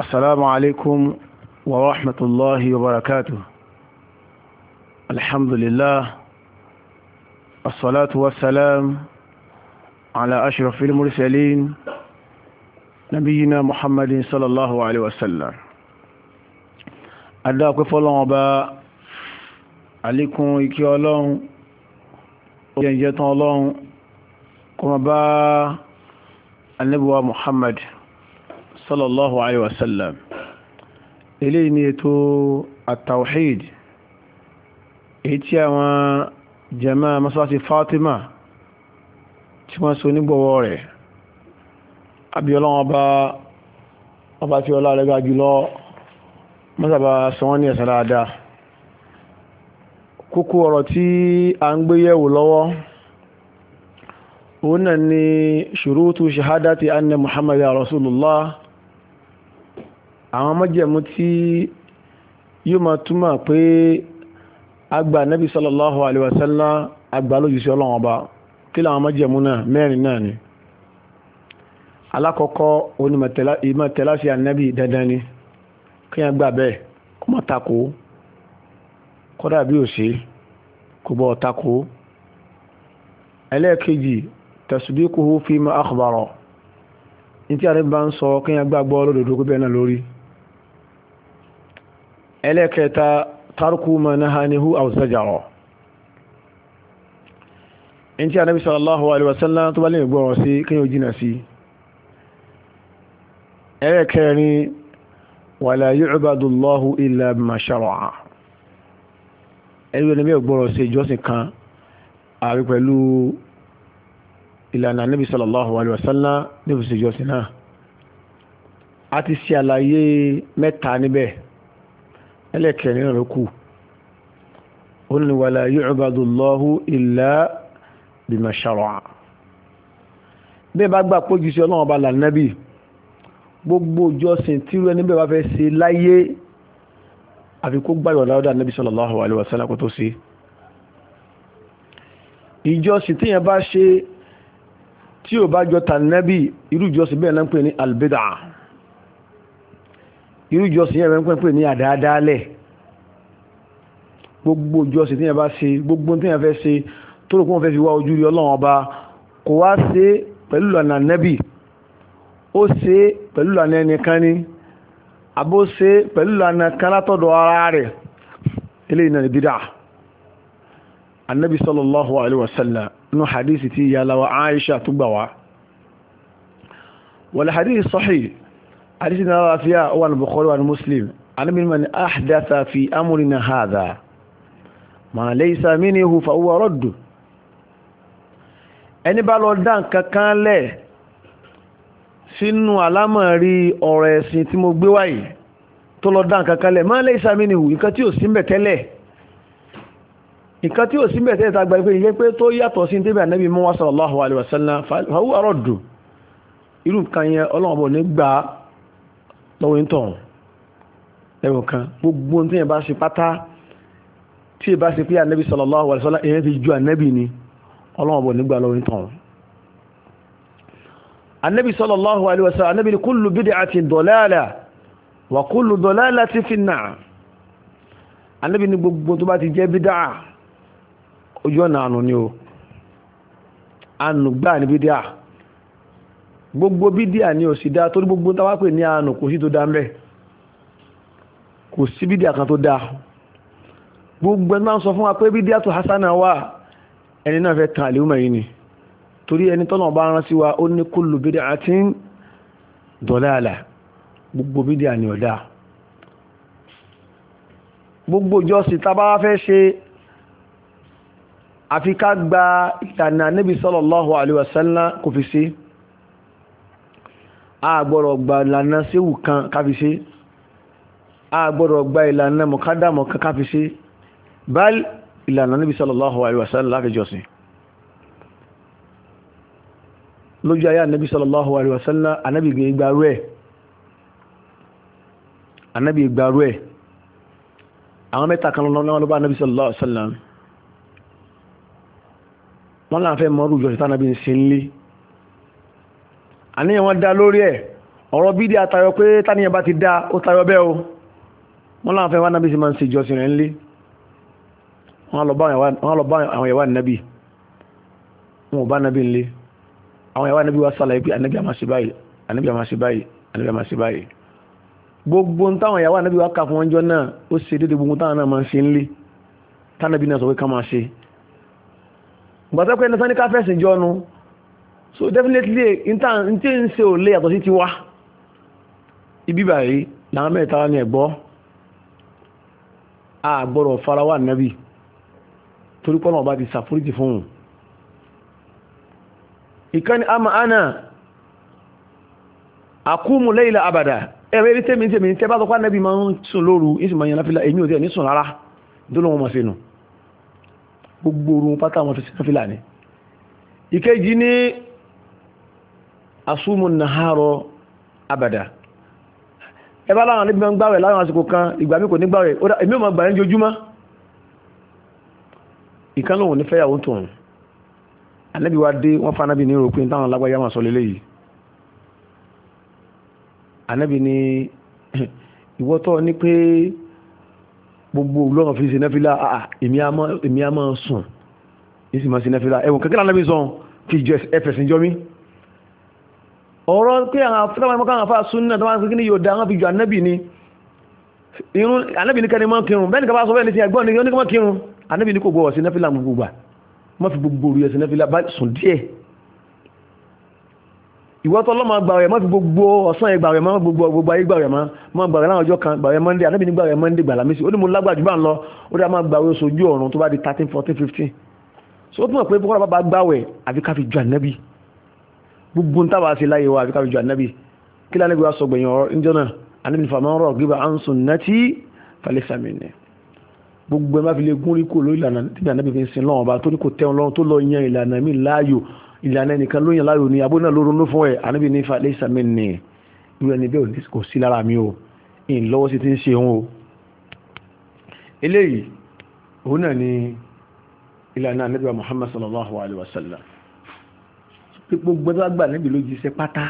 السلام عليكم ورحمة الله وبركاته الحمد لله الصلاة والسلام على أشرف المرسلين نبينا محمد صلى الله عليه وسلم أداك فلان با عليكم إكي الله وينجتان الله كما با النبوة محمد sallallahu alayhi wa sallam eléyìí ni ètò at-tawhid èyí tí àwọn jama masalasi fatima tí wọ́n so nígbọ̀wọ́ rẹ̀ abiyọ́lọ́wọ́ ọba ọba tí ọlá rẹ̀ ga jùlọ mọ́sàbà sọ wọ́n ní ẹ̀sán dáadáa kókó ọ̀rọ̀ tí a ń gbé yẹ̀wò lọ́wọ́ òun náà ni ṣurutu shahadati anna muhammadu rasulullah àwọn mọ́jẹ̀mú tí yóò máa túmọ̀ pé agba nabi sallallahu alaihi wasallam agba lójúṣe ọlọ́run ọba kí làwọn mọ́jẹ̀mú náà mẹ́rin náà ni alákọ̀ọ́kọ́ onímọ̀tẹ́láṣí ànábì dandan ni kí wọ́n gbà bẹ́ẹ̀ kó má tako kódà bí ò ṣe kó bọ́ tako ẹlẹ́ẹ̀kejì tasdiquhu fima akhbara ní tí ànábì bá ń sọ kí wọ́n gbàgbọ́ lódodo kó bẹ́ẹ̀ náà lórí ẹlẹ́kẹta tarku ma nahanihu aw zajara in ti anabi sallallahu alaihi wasallam tó bá lè gbọ́ wọn sí kíyàn jìnà sí ẹlẹ́kẹrin wala yu'badu Allahu illa bima shara'a ẹgbẹ́ ni bí ọgbọ́rọ̀ sí ìjọsìn kan àrí pẹ̀lú ìlànà níbi sallallahu alaihi wasallam níbi sí ìjọsìn náà a ti ṣe àlàyé mẹ́ta níbẹ̀ ẹlẹ́kẹ̀rin rẹ̀ kù ó ní wala yu'badu Allahu illa bima shara'a bí ẹ bá gbà pé ojúṣe ọlọ́run ọba lànàbì gbogbo ìjọsìn tírú ẹni bẹ́ẹ̀ bá fẹ́ ṣe láyé àfi kó gbàyọ̀ láwọ́dà nàbì sallallahu alaihi wasallam kó tó ṣe ìjọsìn tíyẹn bá ṣe tí ò bá jọ tànàbì irú ìjọsìn bẹ́ẹ̀ náà ń pè ní albid'a irú ìjọsìn yẹn rẹ̀ ń pẹ́ ní àdáadáalẹ̀ gbogbo ìjọsìn tí yẹn bá ṣe gbogbo tí yẹn fẹ́ ṣe tó rò pé wọ́n fẹ́ fi wá ojú rí ọlọ́run ọba kò wá ṣe pẹ̀lú ìlànà nẹ́bì ó ṣe pẹ̀lú ìlànà ẹnìkan ni àbó ṣe pẹ̀lú ìlànà kan látọ̀dọ̀ ara rẹ̀ eléyìí náà ni anabi sallallahu alaihi wasallam nu hadisi ti yalawa aisha tó gbà wá wal hadisi sahih hadisi na lafiya wa al-bukhari wa muslim annabi man ahdatha fi amrina hadha ma laysa minhu fa huwa radd ẹni bá lọ dá nǹkan kan lẹ̀ sínú àlámọ̀rí ọ̀rọ̀ ẹ̀sìn tí mo gbé wáyìí tó lọ dá nǹkan kan lẹ̀ ma laysa minhu nǹkan tí ò sí ńbẹ̀ tẹ́lẹ̀ nǹkan tí ò sí ńbẹ̀ tẹ́lẹ̀ tá gbà pé ìyẹn pé tó yàtọ̀ sí débi ànábì mọ́ wa sallallahu alaihi wasallam fa huwa radd irú nǹkan yẹn ọlọ́run ọ̀bọ̀ ní gbàá lọ́wọ́ ń tọ̀hún ẹ̀wọ̀n kan gbogbo ohun tí yẹn bá ṣe pátá tí yẹn bá ṣe pé ànábì sallallahu alaihi wasallam èyàn ti ju ànábì ni ọlọ́wọ́n bọ̀ nígbà lọ́wọ́ ń tọ̀hún. ànábì sallallahu alaihi wasallam ànábì ni kullu bid'atin dalalah wa kullu dalalatin fin nar ànábì ni gbogbo tó bá ti jẹ́ bídà ojú ọ̀nà àánú ni o àánú gbáà ní bídà gbogbo bídíà ni ò sì dá torí gbogbo táwa pè ní àánú kò sí tó dá ń bẹ̀ kò sí bídíà kan tó dá gbogbo ẹni máa ń sọ fún wa pé bídíà tó hasana wà ẹni náà fẹ́ tàn àlèhùn mẹ́rin ni torí ẹni tọ́nà bá rán sí wa ó ní kullu bid'atin dalala gbogbo bídíà ni ò dá gbogbo ìjọsìn tábà wá fẹ́ ṣe àfi ká gba ìlànà Nabi sallallahu alaihi wasallam kò fi sí àgbọ̀rọ̀ gba ìlànà séwù kan káfi ṣe àgbọ̀rọ̀ gba ìlànà mọ̀kádàmọ̀ kan káfi ṣe báyìí ìlànà níbi sallallahu alaihi wasallam láti jọsìn lójú ayé ànábì sallallahu alaihi wasallam ànábì ìgbàrú ẹ̀ ànábì ìgbàrú ẹ̀ àwọn mẹ́ta kan lọ́nà àníyàn wọn dá lórí ẹ̀ ọ̀rọ̀ bídí atayọ pé táníyàn bá ti dá ó tayọ bẹ́ẹ̀ o wọ́n láwọn fẹ́ wá nábì sí máa ń ṣe ìjọsìn rẹ̀ ńlé wọ́n lọ bá àwọn ìyàwó ànábì wọn ò bá ànábì ńlé àwọn ìyàwó ànábì wá sàlàyé pé ànábì àmà ṣe báyìí ànábì àmà ṣe báyìí ànábì àmà ṣe báyìí gbogbo ń táwọn ìyàwó ànábì wá kà fún wọn náà ó ṣe déédéé gbogbo táwọn náà máa ń ṣe ńlé tánábì náà sọ pé ká máa ṣe gbàtẹ́ pé ẹni sáníkà fẹ̀sìn jọ́nu so definitely n tí nse ole ò lè yàtọ̀ sí ti wá ibi báyìí làwọn mẹ́ta a ẹ̀gbọ́ farawa nàbì torí pọ́nà ọba ti ṣàforíjì fún un ìkànnì àmà àná àkúmù lẹ́yìnlá àbàdà ẹ̀rọ eré tẹ́mi tẹ́mi tẹ́ bá tọ́kọ́ nàbì máa ń sùn lóru ìsìn máa yànnáfílà èmi ò tẹ́ ní sùn rárá dóló wọn máa ṣe nù gbogbo orun pátá wọn fi sí ìkejì ní asúmùn nàhárọ̀ abàdà ẹ bá láwọn níbi gbáwẹ̀ láwọn àsìkò kan ìgbà mi kò ní gbáwẹ̀ èmi mọ̀ gbà ní jojúmọ́ ìkan lòun ní fẹ́yàwó tòun ànábì wa dé wọ́n fa ànábì ní ròpin táwọn lágbáyà máa sọ lélẹ́yìí ànábì ní ìwọ́tọ́ ní pé gbogbo olóòrùn fi ṣe náfílà àà èmi á máa sùn ní sì máa ṣe ẹ̀wọ̀n kankan ọ̀rọ̀ pé àwọn afẹ́lẹ́wọ̀n mọ́kàn àfà súnà tó wá sí kíní yóò dá wọn fi jù ànábì ni irun ànábì ní kẹ́ni mọ́ kírun bẹ́ẹ̀ ni kaba sọ bẹ́ẹ̀ ni ti ẹgbọ́n ni oníkọ́ kírun ànábì ní kò gbọ́ ọ̀sí náfìlà gbogbo gbà mọ́ fi gbogbo orí ẹ̀sìn náfìlà bá sùn díẹ̀ ìwọ́tọ́ lọ́mọ gbàwẹ̀ mọ́ fi gbogbo ọ̀sán ẹ̀ gbàwẹ̀ mọ́ gbogbo gbogbo ayé gbàwẹ̀ mọ́ mọ́ gbàwẹ̀ láwọn ọjọ́ kan gbàwẹ̀ mọ́ndé ànábì ní gbàwẹ̀ mọ́ndé gbàlámísì ó ní mo lágbà jù bá ń lọ ó dá máa gbàwẹ̀ oṣù ojú ọ̀run tó bá di thirteen fourteen fifteen so ó túmọ̀ pé bọ́kọ́lá bá gbàwẹ̀ àfi ká fi ju ànábì gbogbo ń tàbà sí láyé wa àbíká ìjọ ànábì kí lálẹ́ gbé wa sọ gbẹ̀yìn ọ̀rọ̀ ìjọ náà ànábì fàmọ́ ọ̀rọ̀ gbígbà à ń sùn náà tí falẹ́sàmì ni gbogbo ẹ má fi lè gún rí kò lórí ìlànà tí ànábì fi ń sin lọ́wọ́ bá tó ní kò tẹ́wọn lọ́wọ́ tó lọ yan ìlànà mi láàyò ìlànà ẹnìkan ló yan láàyò ni abó náà ló ronú fún ẹ ànábì ní falẹ́sàmì ni irú ẹni bẹ́ẹ̀ kò sí lára mi o ìn sí ti ń ṣe òun o eléyìí òun náà ni ìlànà ànábì wa Muhammad sallallahu alayhi wa sallam pé gbogbo tó gbà níbi ló jíṣẹ́ pátá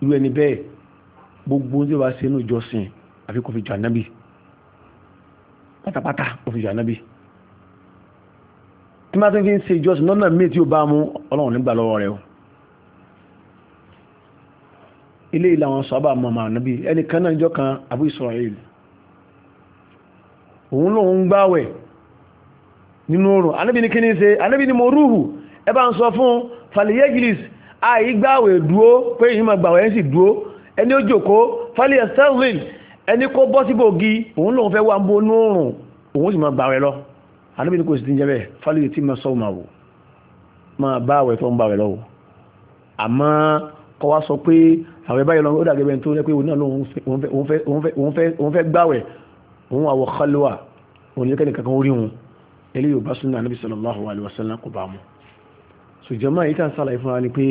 irú ẹni bẹ́ẹ̀ gbogbo tí ó bá ṣe inú ìjọsìn àfi kò fi jọ ànábì pátápátá kò fi jọ ànábì tí máa tún fi ń ṣe ìjọsìn lọ́nà míì tí ó bá mú ọlọ́run nígbà lọ́wọ́ rẹ̀ o ilé ìlà àwọn sọ́ọ́bà mọ̀ màá nàbí ẹnìkan náà níjọ́ kan Abu Israel òun lòun ń gbáwẹ̀ nínú oòrùn anábì ní kí ni ṣe anábì ní mo rúhù ẹ bá ń sọ fún fàlìyẹ́gìlìs àìgbàwẹ̀ dúó pé ìyìnmọ̀ gbàwẹ̀ ń sì dúó ẹni ó jòkó fàlìyẹ sẹ́rìn ẹni kó bọ́ síbò gi òun lòun fẹ́ wà ń bonú òrùn òun sì mọ̀ gbàwẹ̀ lọ àníbi ní kò sì ti jẹ́ bẹ́ẹ̀ fàlìyẹ tí mo sọ ma wò máa bá àwẹ̀ tó ń gbàwẹ̀ lọ́wọ́ àmọ́ kọ́ wá sọ pé àwẹ̀ báyìí lọ́wọ́ ó dàgẹ́ bẹ́ẹ̀ tó rẹ́ pé òun náà òun fẹ́ gbàwẹ̀ òun àwọ̀ kálíwà òun ní kẹ́nìkan kan ó rí wọn eléyìí ò bá súnà àníbi sallallahu alaihi wasallam kò bá mu ṣùgbọ́n máa yìí tàn sàlàyé fúnra ni pé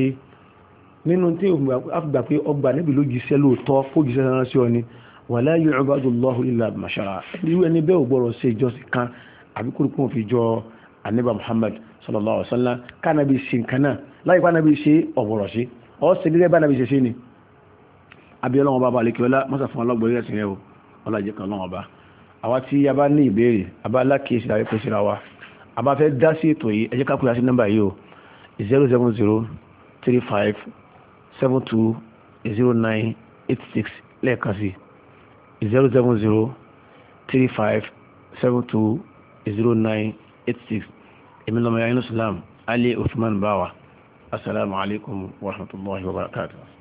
nínú tí àfìgbà pé ọgbà níbi ló jíṣẹ́ lóòótọ́ kó jíṣẹ́ sára sí ọ ni wala yu'badu Allahu illa bima sha'a irú ẹni bẹ́ẹ̀ ò gbọ́dọ̀ ṣe ìjọsìn kan àbí kúrúkú fi jọ àníbà Muhammad sallallahu alaihi wasallam kánàbí ṣe nǹkan náà láì kánàbí ṣe ọ̀bọ̀rọ̀ sí ọ́ sì nílẹ̀ bá nàbí ṣe sí ni àbí ọlọ́wọ́n bá balẹ̀ kí ọlá mọ́sà fún ọlọ́gbọ̀n rẹ̀ sí rẹ̀ o dá sí ètò yìí ẹ jẹ́ sí nọ́mbà yìí o 0244 zero seven zero three five seven two zero nine eight six lẹ́ẹ̀kan sí zero seven zero three five seven two zero nine eight six èmi lọ́mọ yàrá inú islam ali usman bawa asalaamualeykum wa rahmatulahi wa barakatuh.